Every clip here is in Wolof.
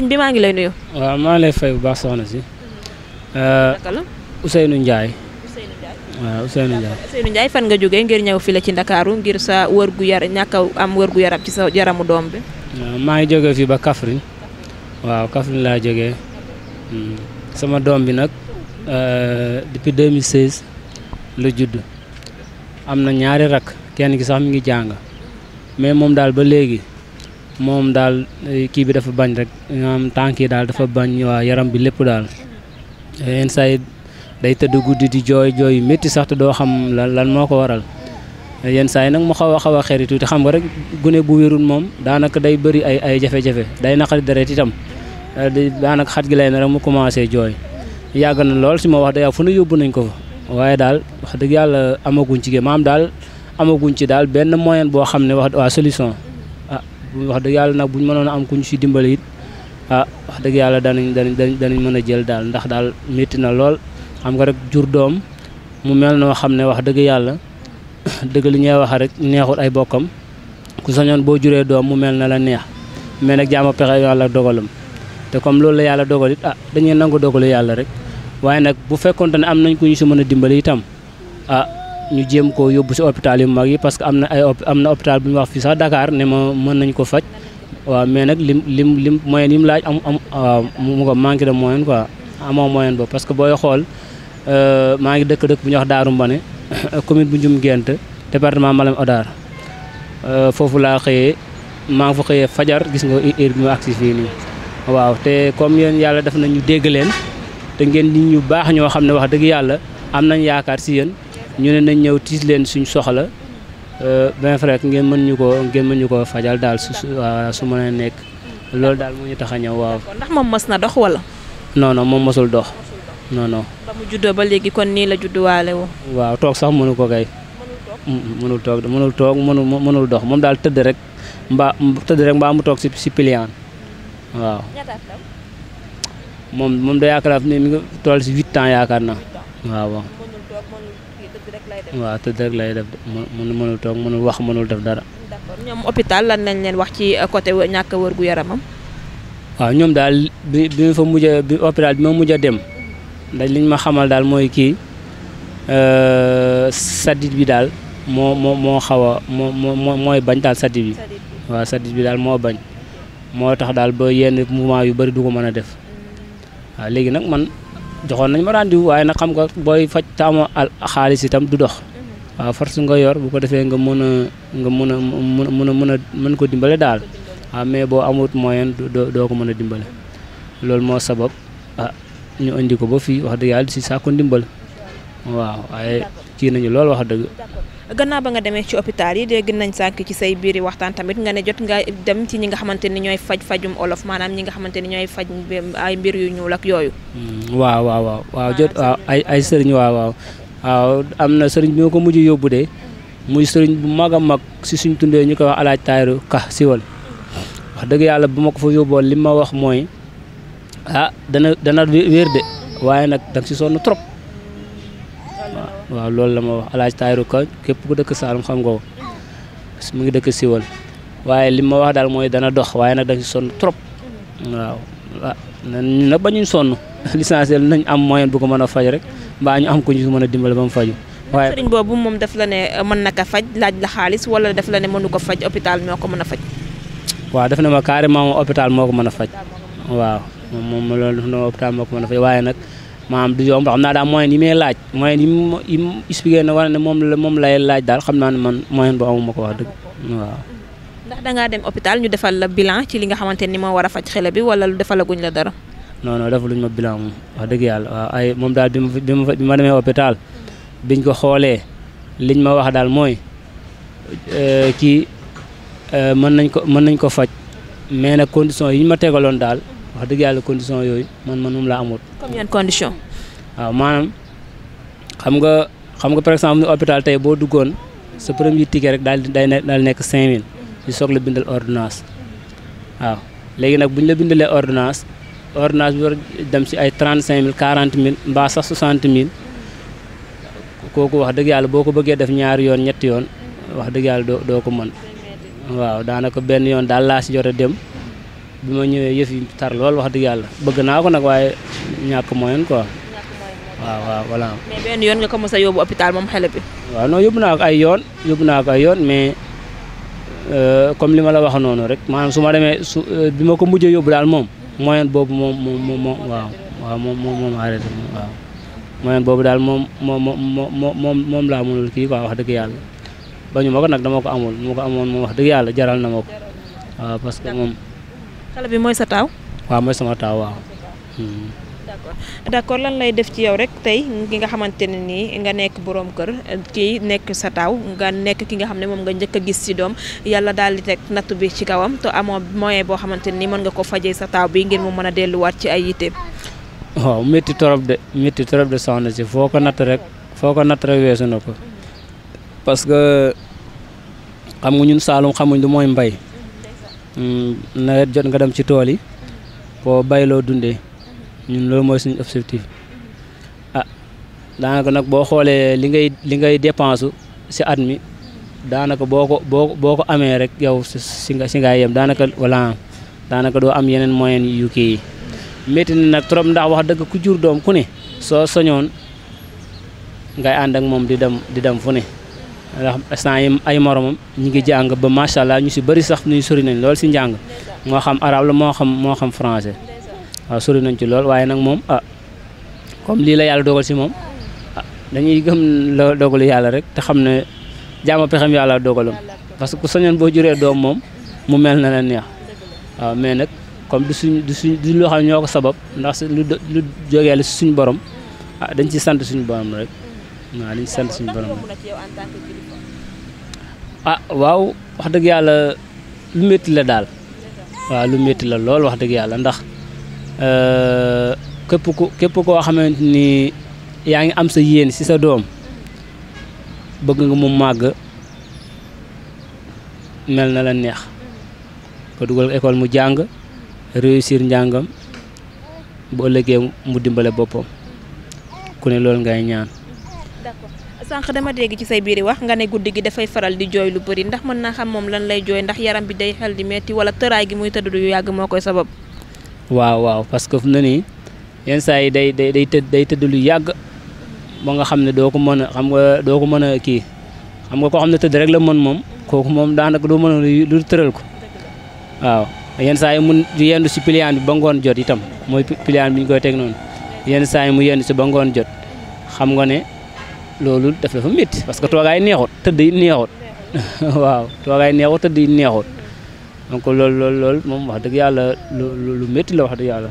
sëñ bi maa ngi lay nuyu. waaw maa lay fay bu baax soxna si. Euh, naka la Ousseynou Ndiaye. Ousseynou Ndiaye waaw Ousseynou Ndiaye. Ousseynou fan nga jógee ngir ñëw fii la ci Ndakaaru ngir sa wër gu ñàkk am wër gu yaram ci sa jaramu doom bi. maa ngi jógee fii ba Kaffrine waaw Kaffrine laa jógee hmm. sama doom bi nag euh, depuis 2016 la judd am na ñaari rakk kenn ki sax mi ngi jàng mais moom daal ba léegi. moom daal eh, kii bi dafa bañ rek maanaam tànk yi daal dafa bañ waa yaram bi lépp daal eh, yenn saa yi day tëdd guddi di jooy jooy yu métti sax te doo xam lan lan moo ko waral eh, yenn saa yi nag mu xaw a xaw a xeeri tuuti xam nga rek gune bu wérul moom daanaka day bëri ay ay jafe-jafe day naqari deret itam daanaka xat gi lay na mu commencé jooy yàgg na lool si ma wax dëgg yóbbu nañ ko fa waaye daal wax yàlla amaguñ ci maam daal amaguñ ci daal benn moyen boo xam ne wax waa solution wax dëgg yàlla nag bu ñu mënoon a am ku ñu si dimbali it ah wax dëgg yàlla danañ danañ danañ mën a jël daal ndax daal metti na lool xam nga rek jur doom mu mel noo xam ne wax dëgg yàlla dëgg li ñuy wax rek neexul ay bokkam ku sañoon boo juree doom mu mel na la neex mel nag jaama pexe yàlla dogalam te comme loolu la yàlla dogal it ah dañuy nangu dogalu yàlla rek waaye nag bu fekkonte ne am nañ ku ñu si mën a dimbali itam ah, ñu jéem koo yóbbu si hôpital yu mag yi parce que am na ay am na hôpital bu ñu wax fii sax Dakar ne ma mën nañ ko faj waaw mais nag lim lim lim moyen yi mu laaj am am waaw mu ko manque de moyen quoi amoo moyen parce que booy xool euh, maa ngi dëkk-dëkk bu ñuy wax Daaru Mbane commune bu Njum Gént département Malem Odar euh, foofu laa xëyee maa ngi fa xëyee fajar gis nga heure bi ma agsi fii nii waaw te comme yéen yàlla def nañ ñu dégg leen te ngeen nit ñu baax ñoo xam ne wax dëgg yàlla am nañ yaakaar si yéen ñu ne nañ ñëw tiis leen suñ soxla bien vrai que ngeen mën ñu ko ngeen mën ñu ko fajal daal su su mën nekk loolu daal moo ñu tax a ñëw waaw. ndax moom mës na dox wala. non moom mësul dox non non. ba mu juddoo ba léegi kon nii la judduwaale woo. waaw toog sax mënu ko kay. Mm, mm, mënul toog mënul toog mënul mënul dox moom daal tëdd rek mbaa tëdd rek mbaa mu toog si si piliyaan waaw. moom moom da yaakaar ne mi ngi toll si huit ans yaakaar naa waaw. tëdd rek lay def. waaw tëdd rek lay def mënu mënul toog mënul wax mënul def dara. d'accord ñoom hôpital lan leen wax ci euh, côté ñàkk wër gu yaramam. waaw ñoom daal bi bi ma fa mujj a bi hôpital bi ma mujj a dem dañ liñ ma xamal daal mooy kii euh, sadit bi daal moo moo moo xaw a moo moo mooy bañ daal sadit bi. waaw sadit bi daal moo bañ. moo tax daal ba yenn mouvement yu bari du ko mën a def mm. waaw léegi nag man. joxoon nañ ma rendez-vous waaye na xam nga booy faj taamu al xaalis tam du dox waaw force nga yor bu ko defee nga mën a nga mën a mën a mën a mën ko dimbale daal waaw mais boo amut moyen doo ko mën a dimbale loolu moo sabab ah ñu indi ko ba fii wax dëgg yàlla si sàkku ndimbal waaw waaye kii nañu loolu wax dëgg gannaaw ba nga demee ci hôpital yi dégg nañ sànq ci say biiri waxtaan tamit nga ne jot nga dem ci ñi nga xamante ni ñooy faj fajum olof maanaam ñi nga xamante ni ñooy faj ay mbir yu ñuul ak yooyu. Mm, waaw waaw waaw jot waaw ay sëriñ waaw waaw am na sëriñ bi nga ko mujj yóbbu de muy sëriñ bu mag a mag si suñ tundee ñu koy wax alaaj taayiru ka siwal wax dëgg yàlla bu ma ko fa yóbboon li ma wax mooy ah dana dana wér de waaye nag danga si sonn trop. waaw loolu la ma wax alaaj Tayiru Ka képp ku dëkk Saalum xam nga ko mu ngi dëkk Siwal waaye li ma wax daal mooy dana dox waaye nag dañ sonn trop waaw ah, na ba ñu sonn l'essentiel nañ am moyen bu ko mën a faj rek mbaa ñu am ko ñu mën a dimbale ba mu faju waaye sëriñ boobu moom daf ne eh, mën na ko laaj la xaalis wala daf la ne mënu ko faj hôpital moo ko mën a faj waaw daf ne ma carrément moom moo ko mën a faj waaw moom loolu daf ne moo ko mën a faj waaye nag maanaam du yomb xam naa daal moyen yi may laaj moyen yi mu yi mu expliqué na wala ne moom la moom lay laaj daal xam naa ne man moyen bu amuma ko wax dëgg waaw. ndax da ngaa dem hôpital ñu defal la bilan ci li nga xamante ni moo war a faj xale bi wala defalaguñ la dara. non non defaluñ ma bilan moom wax dëgg yàlla waaw ay moom daal bi ma bi ma bi ma demee hôpital biñ ko xoolee liñ ma wax daal mooy euh, kii euh, mën nañ ko mën nañ ko faj mais nag condition yi ñu ma tegaloon daal. wax dëgg yàlla condition yooyu man man moom laa amut. comme yan condition xam nga xam nga par exemple hôpital boo duggoon sa premier ticket rek daal di day daal nekk 5000 ñu soog la bindal ordonnance waaw léegi nag bu la bindalee ordonnance ordonnance bi dem ci ay 35000 40000 mbaa sax 60000 kooku wax dëgg yàlla boo ko bëggee def ñaari yoon ñetti yoon wax dëgg yàlla doo ko mën waaw daanaka benn yoon daal laa ci jot a dem. bi ma ñëwee yëf yi tar lool wax dëgg yàlla bëgg naa ko nag waaye ñàkk moyen quoi. waaw waaw voilà. mais benn yoon nga ko mos a yóbbu hôpital moom xale waaw non yóbbu naa ko ay yoon yóbbu naa ko a yoon mais euh, comme li ma la wax noonu rek maanaam su ma demee su euh, bi ma ko mujjee yóbbu daal moom moyen boobu moom moom moom waaw waaw moom waaw moyen boobu daal moom moom moom moom laa mënul kii quoi wax dëgg yàlla bañu ma ko nag dama ko amul amoon moom wax dëgg yàlla jaral na ma ko waaw parce moom. xale bi mooy sa taaw. waaw mooy sama taaw waaw. Hmm. d'accord lan lay def ci yow rek tey ki nga xamante ne nii nga nekk boroom kër kii nekk sa taaw nga nekk ki nga xam ne moom nga njëkk a gis ci doom yàlla daal di teg natt bi ci kawam te amoo moyen boo xamante nii mën nga ko fajee sa taaw bii ngir mu mën a delluwaat ci ay yitteem. waaw torop de métti torop de soxna si foo ko natt rek foo ko natt rek weesu na ko parce que xam nga ñun Saalum xamuñ du mooy mbay. Mm, na jot nga dem ci tool yi koo bay loo dundee ñun loolu mooy suñu objectif ah daanaka nag boo xoolee li ngay li ngay dépense si at mi daanaka boo ko boo boo ko amee rek yow si nga si nga yem daanaka wala daanaka doo am yeneen moyen yu kii yi métti na nag trop ndax wax dëgg ku jur doom ku ne soo soñoon ngay ànd ak moom di dem di dem fu ne ndax instant yi ay moromam ñu ngi jàng ba macha allah ñu si bari sax ñu sori nañ loolu si njàng moo xam arab la moo xam moo xam français waaw sori nañ ci lool waaye nag moom ah comme lii la yàlla dogal si moom ah dañuy gëm la dogalu yàlla rek te xam ne jaama pexem yàlla dogalam parce que ku boo juree doom moom mu mel na la neex waaw mais nag comme du suñ suñ du loo ñoo ko sabab ndax lu lu jógee si suñu borom ah dañ ci sant suñu borom rek waaw dañ sant suñu borom rek ah waaw wax dëgg yàlla lu métti la daal waaw lu métti la lool wax dëgg yàlla ndax eh, képp ku képp koo xamante nii yaa ngi am sa yéen ci sa doom bëgg nga mu màgg mel na la neex ko dugal école mu jàng réussir njàngam bu ëllëgee mu dimbale boppam ku ne loolu ngay ñaan. sànq dama dégg ci say biir biiri wax nga ne guddi gi dafay faral di jooy lu bari ndax mën naa xam moom lan lay jooy ndax yaram bi day xel di metti wala tëraay gi muy tëdd du yàgg moo koy sabab. waaw waaw parce que fu mu ne nii yenn saa yi day day day tëdd day tëdd lu yàgg ba nga xam ne doo ko mën a xam doo ko mën a kii xam nga koo xam ne tëdd rek la mën moom kooku moom daanaka doo mën a lu tëral ko yenn saa yi mun yendu si pliant ba ngoon jot itam mooy pliant bi ñu teg noonu yenn saa yi mu yendu si ba ngoon jot xam nga ne loolu daf dafa métti parce que toogaay neexut tëdd yi neexut waaw toogaay neexut tëdd yi neexut donc loolu loolu loolu moom wax dëgg yàlla lu lu la wax dëgg yàlla.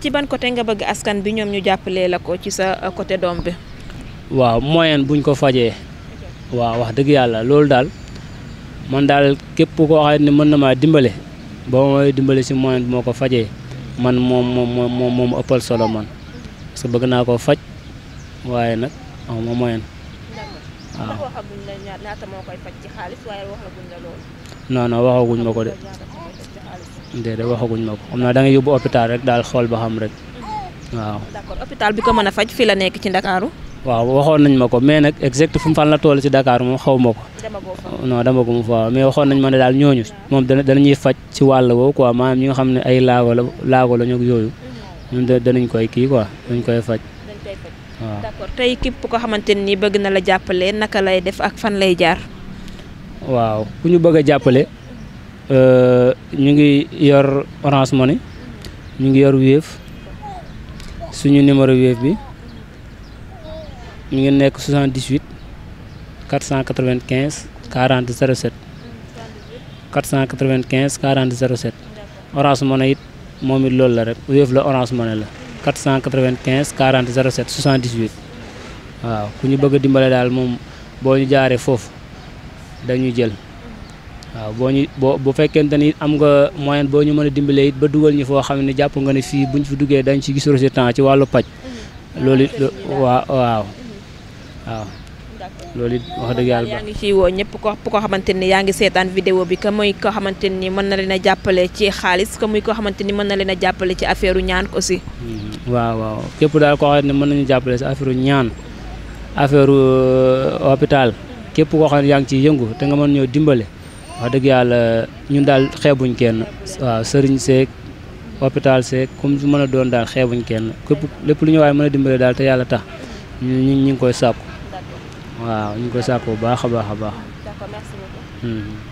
ci ban nga bëgg askan bi ñoom ñu jàppalee la ko ci sa côté doom waaw moyen buñ ko fajee. waaw wax dëgg yàlla loolu daal man daal képp ko xam ne mën na maa dimbale ba mooy dimbale si moyen bi moo ko fajee man moom moom moom moom ëppal solo man parce que bëgg naa koo faj waaye nag. aw ma moyen. waaw waxaguñ la ñaata ma ko de. de waxaguñ ma ko xam naa da ngay yóbbu hôpital rek daal xool ba xam rek. waaw d'accord hôpital bi ko mën a faj fi la nekk ci Ndakaaru. waaw waxoon nañ ma ko mais nag exact fu mu fan la toll ci Dakar moom xaw ma ko. non dama ko fa mais waxoon nañ ma ne daal ñooñu moom dana danañuy faj ci wàll woowu quoi maanaam ñi nga xam ne ay laago la laago la ñoog yooyu mm-hmm. ñun danañ koy kii quoi dañ koy faj. waaw tey képp ko xamante ni bëgg na la jàppale naka lay def ak fan lay jaar. waaw ku ñu bëgg a jàppale euh, ñu ngi yor Orange Money ñu ngi yor Wave suñu numéro Wave bi ñu ngi nekk 78 495 40 07 495 40 07 Orange Money it moom it loolu la rek Wave la Orange Money la. 495 40 07 78 waaw ku ñu bëgg dimbale daal moom boo ñu jaaree foofu dañu jël waaw boo ñu boo bu fekkente ni am nga moyen boo ñu mën a dimbalee it ba dugal ñu foo xam ne jàpp nga ne fii buñ fi duggee dañ ci gis résultat ci wàllu paj loolu waaw waaw waaw loolu it wax dëgg yàlla yaa ngi ciy woo ñëpp ko ko xamante ni yaa ngi seetaan vidéo bi que muy ko xamante ni mën na leen a jàppale ci xaalis que ko xamante ni mën na leen a jàppale ci affaire u ñaan aussi. Mm-hmm. waaw waaw képp daal koo ne mën nañu jàppale si affaire ñaan affaire euh, hôpital képp koo xam ne yaa ngi ciy yëngu te nga mën ñoo dimbale wax dëgg yàlla ñun daal xeebuñ kenn waaw sëriñ seeg hôpital seeg comme mën a doon daal xeebuñ kenn képp lépp lu ñu waaye mën a dimbale daal te yàlla tax ñu ñu ngi koy sàkku waaw ñu ngi ko sàkk bu baax a baax a baax.